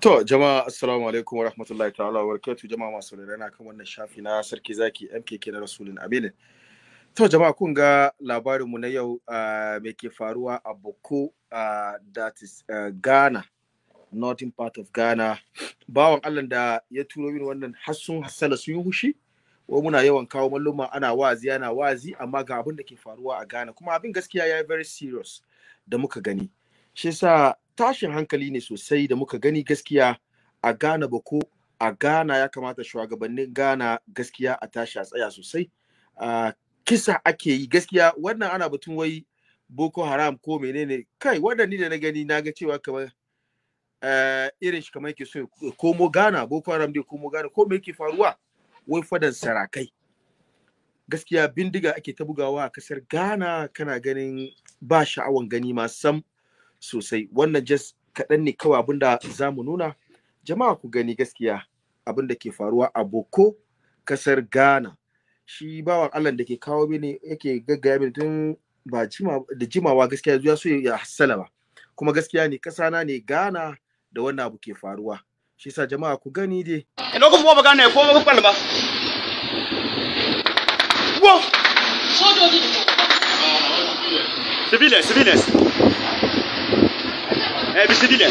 To jama'a assalamu alaikum wa rahmatullahi ta'ala wa barakatuh jama'a masu rana kan wannan shafi na sarki zaki MKK na Rasulun Aminu. To jama'a kun ga labarin mu na yau me ke faruwa a Boko that is Ghana northern part of Ghana bawan Allah da ya turo min wannan hassun hasala sun yi hushi wa muna yawan kawo malluma ana wazi ana wazi amma ga abin da ke faruwa a Ghana kuma abin gaskiya ya yi very serious da muka gani. shi sa tashin hankali ne sosai da muka gani gaskiya a Ghana bako a Ghana ya kamata shugabannin Ghana gaskiya a tashi a tsaya sosai a kisa ake yi gaskiya wannan ana batun wai Boko Haram ko menene kai wannan ni da na gani na ga cewa kamar eh, irin shi kamar yake so komo Ghana Boko Haram dai komo Ghana ko me yake faruwa wai fadan sarakai gaskiya bindiga ake ta bugawa a kasar Ghana kana ganin ba sha'awan gani ma sam sosai wannan just kaɗan ne kawai abin da za mu nuna jama'a ku gani gaskiya abin da ke faruwa a boko kasar ghana shi bawan allah da ke kawo mini yake gaggaya mini tun ba da jimawa gaskiya ya so ya hassala ba kuma gaskiya ne kasana ne ghana da wannan abu ke faruwa shi sa jama'a ku gani dai ina kuma ba gane ko ba kwalba ba civiles civiles bir Bir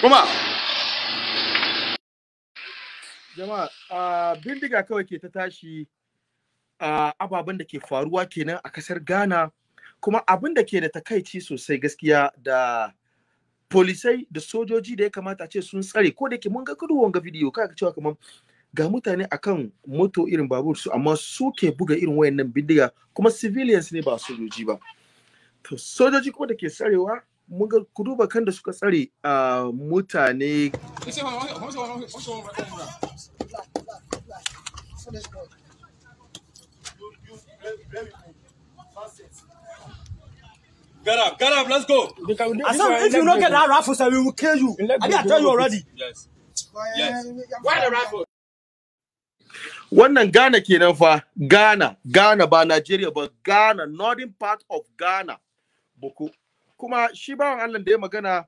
Kuma. Jama'a, bindiga kawai ke ta tashi a' ababen da ke faruwa kenan a kasar Ghana. kuma abin da ke da takaici sosai gaskiya da polisai da sojoji da ya kamata ce sun tsare ko da ke mun ga kudu wanga bidiyo kaga cewa kamar ga mutane akan moto irin babur su amma su ke buga irin wayannan bindiga kuma civilians ne ba sojoji ba to sojoji ko da ke tsarewa mun ga ku duba kan da suka tsare a mutane Get up, get up, let's go. Assam, if you don't get that raffle, sir, we will kill you. I think I tell you already. Yes. Yes. Uh, Why the raffle? Wannan Ghana kenan fa, Ghana, Ghana ba Nigeria ba, Ghana, northern part of Ghana. Boko. Kuma shi bawan Allah da ya magana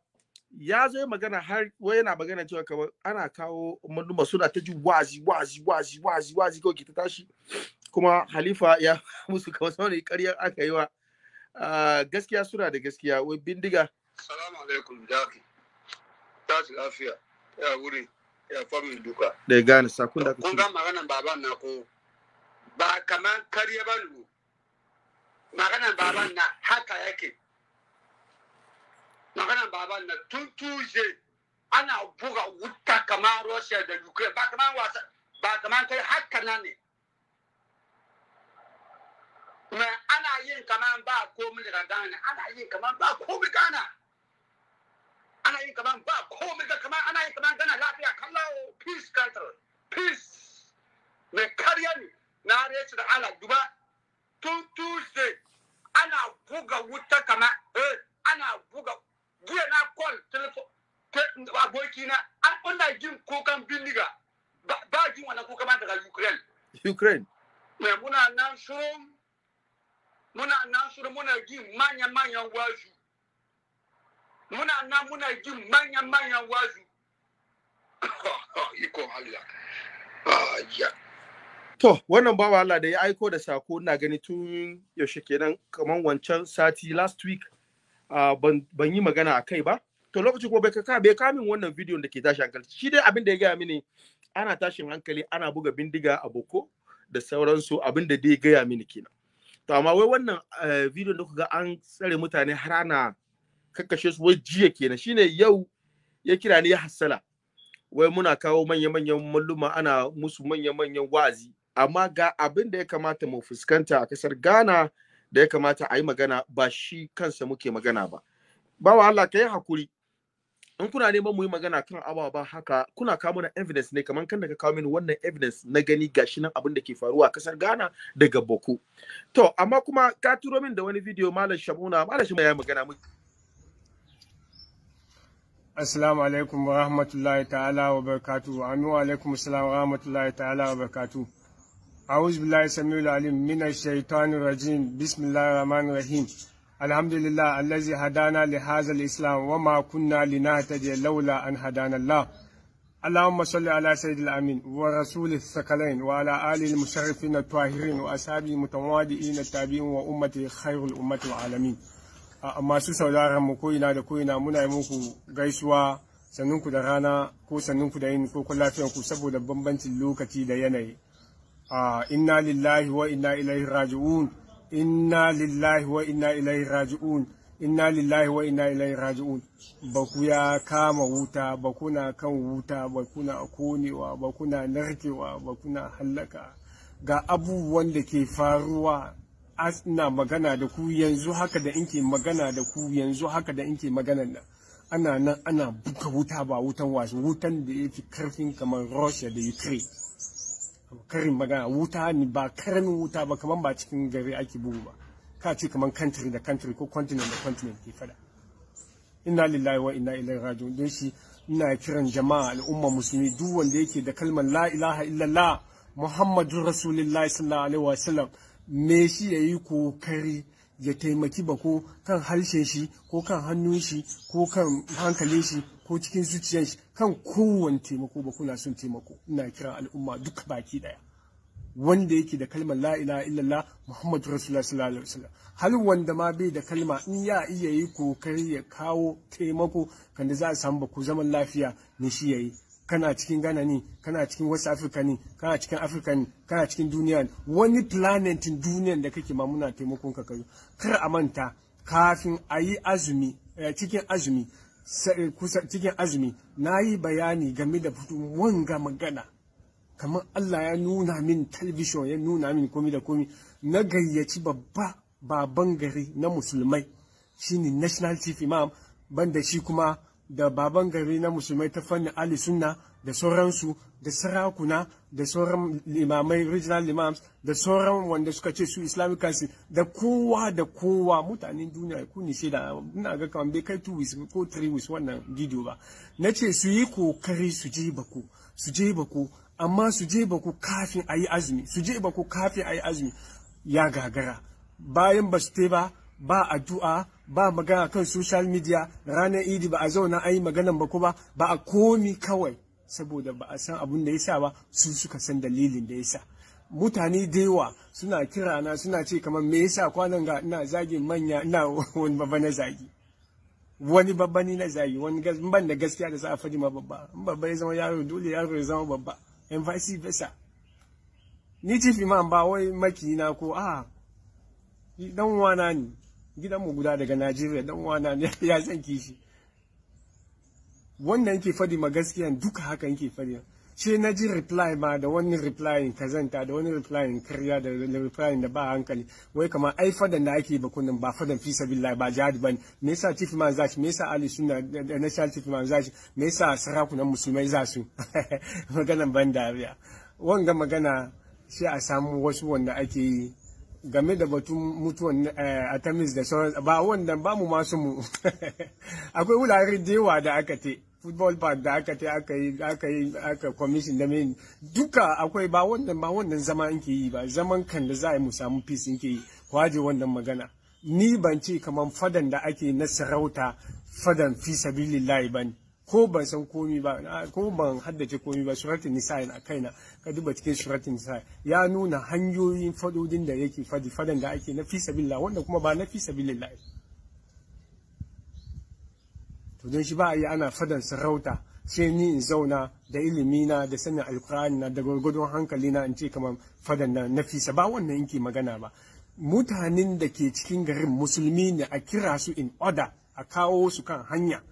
ya zo ya magana har wai yana magana cewa kamar ana kawo manuma suna ta ji wazi wazi wazi wazi wazi kawai ke ta tashi kuma halifa ya musu kamar saurayi ƙaryar aka yi wa Ah, gaskiya sura da gaskiya wai bindiga salamu alaikum jaki tashi lafiya ya wuri ya fami duka da ya gane sakun da kun ga maganan baban na ko ba kamar kariya ba lu maganan baban na haka yake maganan baban na tun tuje ana buga wuta kamar russia da ukraine ba kamar wasa ba kamar kai haka na ne ana yin kaman ba komai daga Ghana ana yin kaman ba komai Ghana ana yin kaman ba komai ga kaman ana yin kaman Ghana lafiya kallawo peace country peace mai karya ne na rece da ala duba tun tuesday ana buga wuta kama eh ana buga jiya na call telephone abokina an ina jin kukan bindiga ba jin wannan kuka ma daga ukraine ukraine mai muna nan shuru muna nan su muna gi manya-manyan wazu muna nan muna manya-manyan wazu Iko Allah ya To, wannan bawa Allah da ya aiko da sako na gani tun yaushe kenan kamar wancan sati last week ban yi magana a kai ba. To lokaci kuma bai ka bai kamin wannan bidiyon da ke tashi hankali. Shi dai abin da ya gaya mini ana tashin hankali ana buga bindiga a boko da sauransu abin da dai gaya mini kenan. to amma wai wannan eh, bidiyon da kuka an tsare mutane har ana kakkashe su wai jiya kenan shine yau ya kira ni ya hassala wai muna kawo manya-manyan malluma ana musu manya-manyan wa'azi amma ga abin da ya kamata mu fuskanta a kasar Ghana da ya kamata a yi magana ba shi kansa muke magana ba bawa Allah ka yi hakuri in kuna neman mu yi magana kan ababa haka kuna kawo mana evidence ne kamar kan da ka kawo mini wannan evidence na gani gashi nan abin da ke faruwa a kasar Ghana daga Boko to amma kuma ka turo min da wani video malam Shamuna malam Shamuna ya magana mu Assalamu alaikum wa rahmatullahi ta'ala wa barakatuh amin wa alaikum assalamu wa rahmatullahi ta'ala wa barakatuh A'udhu billahi samiul alim minash الشيطان rajim Bismillahir rahmanir rahim. الحمد لله الذي هدانا لهذا الإسلام وما كنا لنهتدي لولا أن هدانا الله اللهم صل على سيد الأمين ورسول الثقلين وعلى آله المشرفين الطاهرين وأصحابه المتواضعين التابعين وأمته خير الأمة العالمين masu sauraron mu ko'ina da ko'ina muna yi muku gaisuwa sannunku da rana ko sannunku da yin ko lafiyan ku saboda bambancin lokaci da yanayi inna lillahi wa inna ilaihi raji'un inna lillahi wa inna ilaihi raji'un inna lillahi wa inna ilaihi raji'un ba ku ya kama wuta ba kuna kan wuta ba kuna konewa ba kuna narkewa ba kuna hallaka ga abubuwan da ke faruwa ina magana da ku yanzu haka da inke magana da ku yanzu haka da inke magana nan ana nan ana buga wuta ba wutan wasu wutan da ya fi karfin kamar russia da ukraine karin magana wuta ne ba karamin wuta ba kamar ba cikin gari ake bugu ba ka ce kamar country da country ko continent da continent ke fada inna lillahi wa inna ilaihi raji'un don shi ina kiran jama'a al'umma musulmi duk wanda yake da kalmar la ilaha illallah muhammadun rasulullahi sallallahu alaihi wa sallam me shi yayi kokari ya taimaki ba ko kan harshen shi ko kan hannun shi ko kan hankalin shi ko cikin zuciyar shi kan kowane taimako ba kuna son taimako ina kiran al'umma duk baki daya wanda yake da kalmar la ilaha illallah muhammadu rasulullah sallallahu alaihi wasallam hal wanda ma bai da kalma in ya iya yi kokari ya kawo taimako kan da za a samu ku zaman lafiya ne shi yayi kana cikin Ghana ne kana cikin West Africa ne kana cikin Africa ne kana cikin duniya ne wani planetin duniyan da kake ma muna taimakon ka kai kar a manta kafin a yi azumi eh, cikin azumi kusa cikin azumi na yi bayani game da wanga magana kamar Allah ya nuna min talbishon ya nuna min komi da komi na gayyaci babba baban gari na musulmai shine national chief imam banda shi kuma da baban gari na musulmai ta fanni ali sunna da sauransu da sarakuna da sauran limamai regional imams da sauran wanda suka ce su islamic council da kowa da kowa mutanen duniya ku ne da ina ga kamar bai kai two weeks ko three weeks wannan bidiyo ba na ce su yi kokari su je baku su je baku amma su je baku kafin a yi azumi su je baku kafin a yi azumi ya gagara bayan ba su te ba ba addu'a ba magana kan social media ranar idi ba a zauna a yi maganan ba kuma ba a komi kawai saboda ba a san abun da ya sa ba su suka san dalilin da ya sa mutane da yawa suna kira na suna ce kamar me yasa kwanan ga ina zagi manya ina wani babba na zagi wani babba ni na zagi wani ban da gaskiya da za a faɗi ma babba in babba ya zama yaro dole yaro ya zama babba in vice versa ni chief imam ba wai makina ko a ah, dan wana ne gidanmu guda daga najeriya dan wana ne ya san kishi wannan ke fadi ma gaskiya duka haka yake fadi ce na ji reply ma da wani reply kazanta da wani reply karya da reply da ba hankali wai kama ai fadan da ake bakunan ba fadan fi sabilillah ba jihad ban me yasa chief man zashi me yasa ali sunna da eh, eh, national chief man zashi me yasa sarakunan musulmai za su maganan ban dariya wanga magana sai a samu wasu wanda ake yi game da batun mutuwan eh, atamis da sauran ba wannan ba mu masu mu akwai wulare dewa da aka te football park da aka te aka yi aka yi aka commission da mai duka akwai ba wannan ba wannan zama in ke yi ba zaman kan da za a yi mu samu peace in ke yi kwaje wannan magana ni ban ce kamar fadan da ake na sarauta fadan fi sabilillahi bane ko ban san komi ba ko ban haddace komi ba suratun nisa a kaina ka duba cikin suratun nisa'i ya nuna hanyoyin fadodin da yake fadi fadan da ake na fisa sabilillah wanda kuma ba na fi to don shi ba a yi ana fadan sarauta sai ni in zauna da ilimina da sanin alkur'ani na da gwargwadon hankali na in ce kamar fadan na nafisa ba wannan yake magana ba mutanen da ke cikin garin musulmi ne a kira su in order a kawo su kan hanya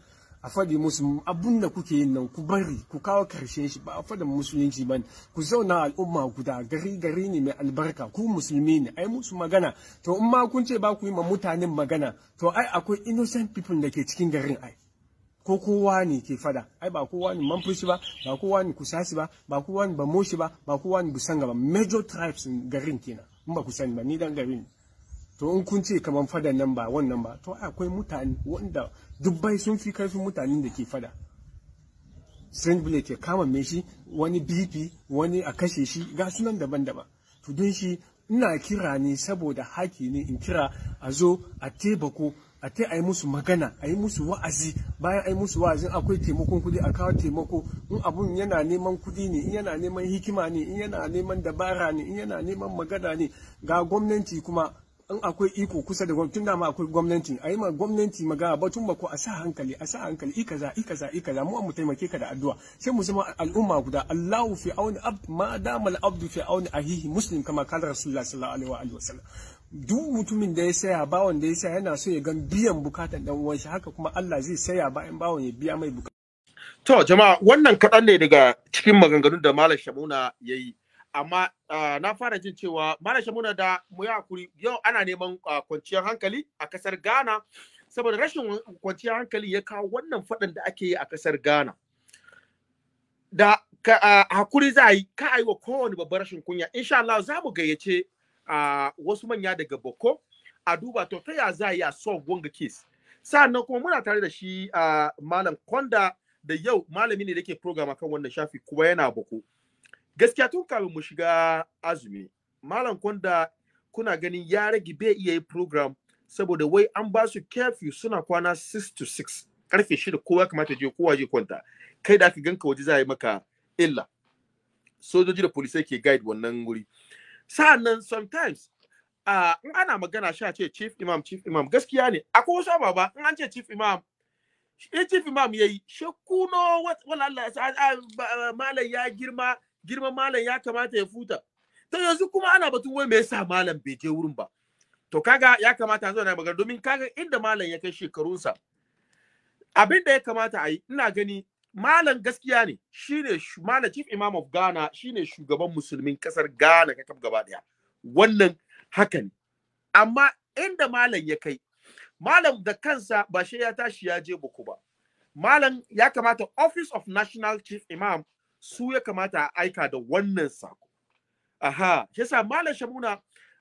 a faɗi musu abun da kuke yin nan ku bari ku kawo karshen shi ba a faɗin musulunci ba ku zauna al'umma guda gari gari ne mai albarka ku musulmi ne ai musu magana to in ma kun ce ba ku yi ma mutanen magana to ai akwai innocent people da ke cikin garin ai ko kowa ne ke fada ai ba kowa ne manfushi ba ba kowa ne kusashi ba ba kowa ne bamoshi ba ba kowa ne busanga ba major tribes garin kenan in ba ku sani ba ni dan garin to in kun ce kaman fadan nan ba wannan ba to akwai mutane wanda dubbai sun fi karfin mutanen da ke fada strange bullet ya kama mai shi wani bp wani a kashe shi ga sunan daban-daban to don shi ina kira ne saboda haki ne in kira a zo a tebako a ta a yi musu magana a yi musu wa'azi bayan a yi musu wa'azi akwai taimakon kudi a kawo taimako in abun yana neman kudi ne in yana neman hikima ne in yana neman dabara ne in yana neman magana ne ga gwamnati kuma in akwai iko kusa da gwamnati dama akwai gwamnati a yi ma gwamnati magana batun bako a sa hankali a sa hankali ika za, ika za, ika za. mu mu taimake ka da addu'a sai mu zama al'umma guda Allahu fi auni abd ma dama abdu fi auni ahihi muslim kama kala rasulullah sallallahu alaihi wa sallam duk mutumin da ya saya bawon da ya saya yana so ya gan biyan bukatan dan uwan shi haka kuma Allah zai saya bayan bawon ya biya mai bukata to jama'a wannan kaɗan ne daga cikin maganganun da malam Shamuna yayi amma ah, na fara jin cewa Malam muna da mu yi hakuri yau ana neman ah, kwanciyar hankali a kasar Ghana saboda rashin kwanciyar hankali ya kawo wannan faɗan da ake yi a kasar Ghana. Da ah, hakuri za a yi ka a yi wa kowane babban rashin kunya insha Allah za mu gayyace wasu manya daga Boko a duba to ta ya za a yi a solve wanga case. Sa'annan kuma muna tare da shi Malam Konda da yau malami ne da ke program kan wannan shafi kuma yana Boko. gaskiya tun kafin mu shiga azumi malam kwanda kuna ganin ya rage bai iya yi program saboda wai an ba su curfew suna kwana 6 to 6 karfe shida, kowa kamata je kowa je kwanta kai da aka ganka waje za a yi maka illa sojoji da polisai ke guide wannan wuri sa'annan sometimes uh, in ana magana sha ce chief imam chief imam gaskiya ne akwai wasu ababa in an ce chief imam in chief imam yayi shakkuno wala Allah malam ya girma girman malam ya kamata ya futa Ta yanzu kuma ana batun wai me yasa malam bai je wurin ba to kaga ya kamata yanzu na magana domin kaga inda malam ya kai shekarunsa abin da ya kamata a yi ina gani malam gaskiya ne shine malam chief imam of Ghana shine shugaban musulmin kasar Ghana kakab gaba daya wannan haka ne amma inda malam ya kai malam da kansa ba shi ya tashi ya je buku ba malam ya kamata office of national chief imam su ya kamata a aika da wannan sako aha yasa malam shamuna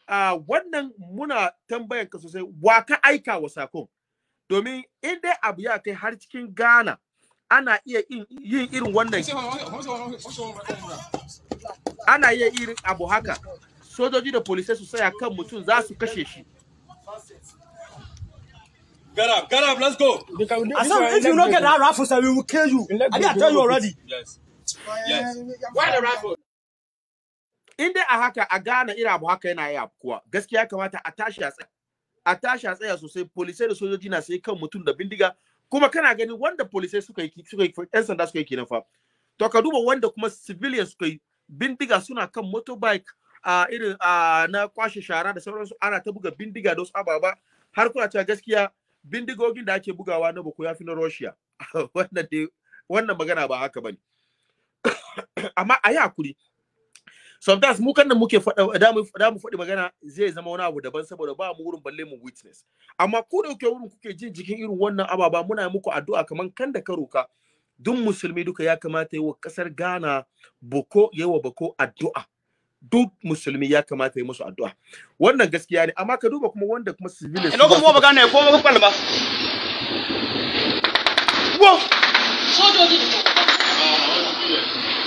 a wannan muna tambayan ka sosai wa ka aika wa sakon domin in dai abu ya kai har cikin Ghana ana iya yin irin wannan ana iya irin abu haka sojoji da polisai su saya kan mutum za su kashe shi Garab, Garab, let's go. Asam, if you don't get that rifle, sir, we will kill you. I think I tell you already. Yes. yes why rifle in dai a haka a gane ira abu haka yana yi kuwa gaskiya kamata a tashi a tsaya a tashi a tsaya sosai polisai da sojoji na sai kan mutum da bindiga kuma kana gani wanda polisai suka yi suka yi yan sanda suka yi kenan fa to ka duba wanda kuma civilian suka yi bindiga suna kan motorbike a irin na kwashe shara da sauransu ana ta buga bindiga da wasu ababa har kuna cewa gaskiya bindigogin da ake bugawa na boko ya fi na Russia wannan dai wannan magana ba haka bane amma a yi hakuri sometimes mu kan muke faɗa da mu faɗi magana zai zama wani abu daban saboda ba mu wurin balle mu witness amma ko da kuke wurin kuke jin jikin irin wannan ababa muna muku addu'a kaman kan da karuka duk musulmi duka ya kamata yi wa kasar Ghana boko yawa boko addu'a duk musulmi ya kamata yi musu addu'a wannan gaskiya ne amma ka duba kuma wanda kuma civilians ina kuma ba gane ko ba kwalba wo sojoji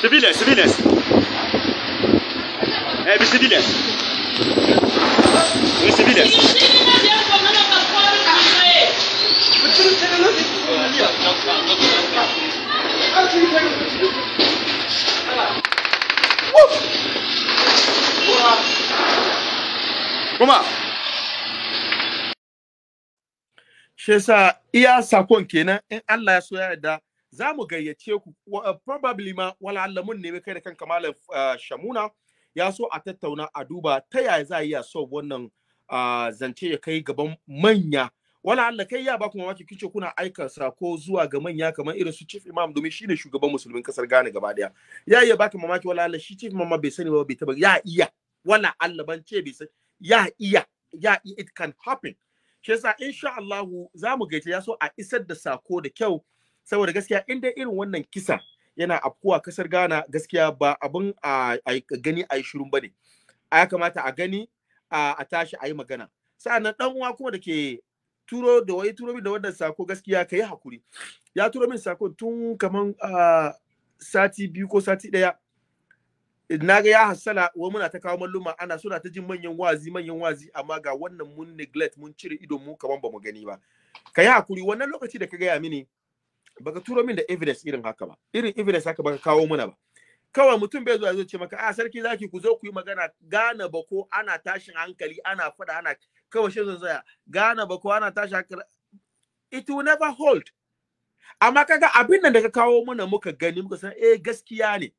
Civiles, civiles. Hep civiles. Hep civiles. Kuma. Shi yasa iya sakon kenan in Allah ya so ya yarda za mu gayyace ku eh, probably ma walallamun ne kai da kanka malam eh, shamuna ya so a tattauna a duba ta yaya za a iya so wannan ah, zance ya kai gaban manya wala Allah kai ya ba mamaki kice kuna aika sako zuwa ga manya kamar irin su chief imam domin shine shugaban musulmin kasar Ghana gaba daya ya iya baka mamaki wala Allah shi chief imam bai sani ba bai taba ya iya wala Allah ban ce bai sani ya iya ya it can happen shi yasa insha Allah za mu gaita ya so a isar da sako da kyau saboda gaskiya in dai irin wannan kisa yana afkuwa kasar Ghana gaskiya ba abin a gani a yi shirin ba ne. Ya kamata a gani a tashi a yi magana. Sa'annan dan uwa kuma da ke turo da wai turo min da wannan sako gaskiya ka yi hakuri. Ya turo min sako tun kaman sati biyu ko sati ɗaya. Na ga ya hassala wa muna ta kawo malluma ana suna ta jin manyan wazi manyan wazi amma ga wannan mun neglect mun cire ido mu kaman ba mu gani ba. Ka yi hakuri wannan lokaci da ka gaya mini baka turo min da evidence irin haka ba irin evidence haka baka kawo mana ba kawai mutum bai zo zuwa zai ce maka a ah, sarki zaki ku zo ku yi magana Gana ba ko ana tashin hankali ana fada ana kawai shi zan gane ba ko ana tashin hankali it will never hold amma kaga abin nan da ka kawo mana muka gani muka san eh gaskiya ne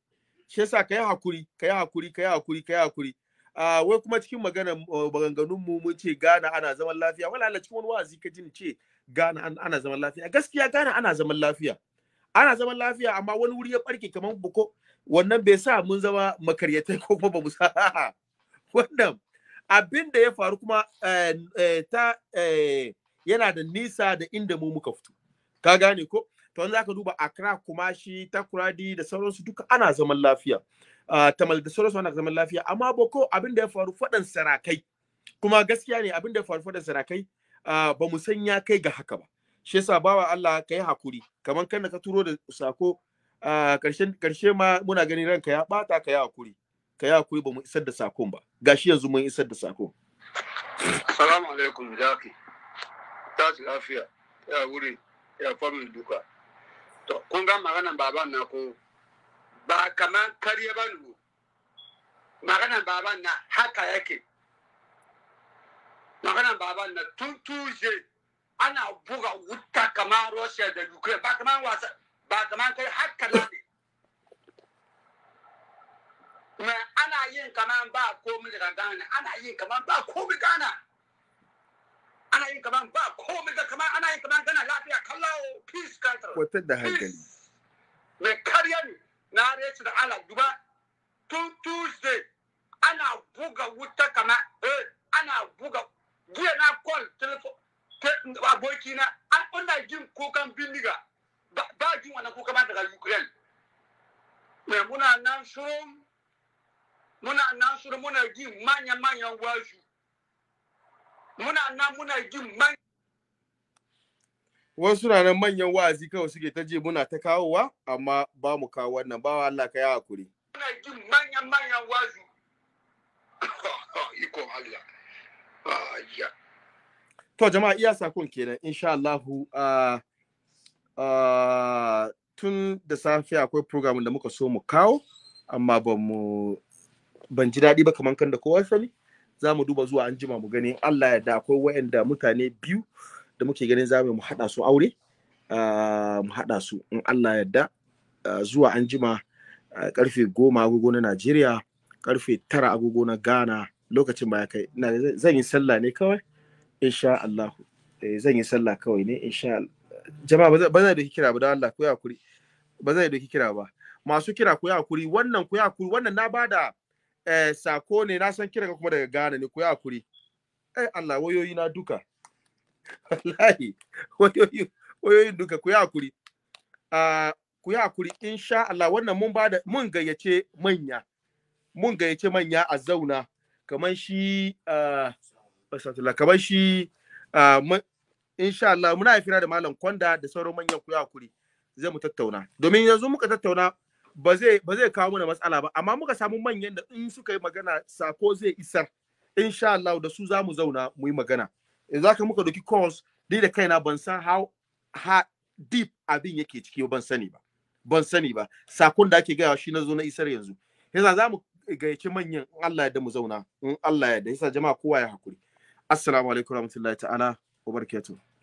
shi yasa kai hakuri kai hakuri kai hakuri kai hakuri Ah, wai kuma cikin magana eh, maganganun mu mun ce Ghana ana zaman lafiya wala Allah cikin wani wa'azi ka jin ce Ghana ana zaman lafiya gaskiya gana ana zaman lafiya ana zaman lafiya amma wani wuri ya barke kamar buko wannan bai sa mun zama makaryatai ko kuma mu sa wannan abin da ya faru kuma eh, eh, ta yana da nisa da inda mu muka fito ka gane ko to wanda zaka duba Accra Kumashi Takoradi da sauransu duka ana zaman lafiya tamal da sauransu ana zaman lafiya amma boko abin da ya faru faɗan sarakai kuma gaskiya ne abin da ya faru faɗan sarakai ba mu san ya kai ga haka ba shi yasa bawa Allah kai hakuri kamar kan ka turo da sako karshen karshe ma muna ganin ranka ya bata ka yi hakuri ka yi hakuri ba mu isar da sakon ba gashi yanzu mun isar da sakon assalamu alaikum jaki tashi lafiya ya wuri ya famin duka to magana ga maganan na ko ba kaman karya ba ne magana baban na haka yake magana baban na tun tuje ana buga wuta kamar Russia da Ukraine ba kaman wasa ba kaman kai haka na ne ana yin kaman ba komai daga Ghana ana yin kaman ba komai Ghana ana yin kaman ba komai ga kaman ana yin kaman gana lafiya kallo peace control wata da hankali me karya ne na resu da ala duba tun tuesday ana buga wuta kama eh ana buga jiya na call telephone aboki na an kunna jin kukan bindiga ba jin wannan kuka ba daga ukraine me muna nan shuru muna nan shuru muna jin manya-manyan wasu muna nan muna jin man wasu na nan manyan wa'azi kawai suke ta je muna ta kawowa amma ba mu kawo wannan ba wa Allah ka yi hakuri muna jin manyan manyan wa'azi iko Allah to jama'a iya sakon kenan insha Allah uh, uh, tun da safiya akwai program da muka so mu kawo amma ba mu ban ji daɗi ba kamar kan da kowa sani za mu duba zuwa an jima mu gani Allah ya da akwai wa'anda mutane biyu da muke ganin za mu haɗa su aure ah, mu haɗa su in Allah ya da ah, zuwa an jima karfe ah, goma agogo na Najeriya karfe tara agogo na Ghana lokacin ba ya kai zan yi sallah ne kawai insha Allah eh, zan yi sallah kawai ne insha Allah jama'a ba zai doki kira ba don Allah ku yi hakuri ba zai doki kira ba masu kira ku yi hakuri wannan ku yi hakuri wannan na bada eh, sako ne na san kiran kuma daga Ghana ne ku ya hakuri eh Allah wayoyi na duka wallahi wayoyi wayoyi duka ku ya hakuri uh, ku ya hakuri insha Allah wannan mun bada mun gayyace manya mun gayyace manya a zauna kamar shi ah, uh, kamar shi uh, insha Allah muna haifi da malam kwanda da sauran manyan ku ya hakuri zai mu tattauna domin yanzu muka tattauna ba zai kawo mana matsala ba amma muka samu manyan da in suka yi magana sako zai isar insha Allah da su za mu zauna mu yi magana za ka muka doki calls ni da kaina ban san how ha deep abin yake ciki ban sani ba ban sani ba sakon da ake gaya shi na zo na isar yanzu yasa za mu gayyaci manyan in Allah ya da mu zauna in Allah ya da yasa jama'a kowa ya hakuri assalamu alaikum warahmatullahi ta'ala wa barakatuh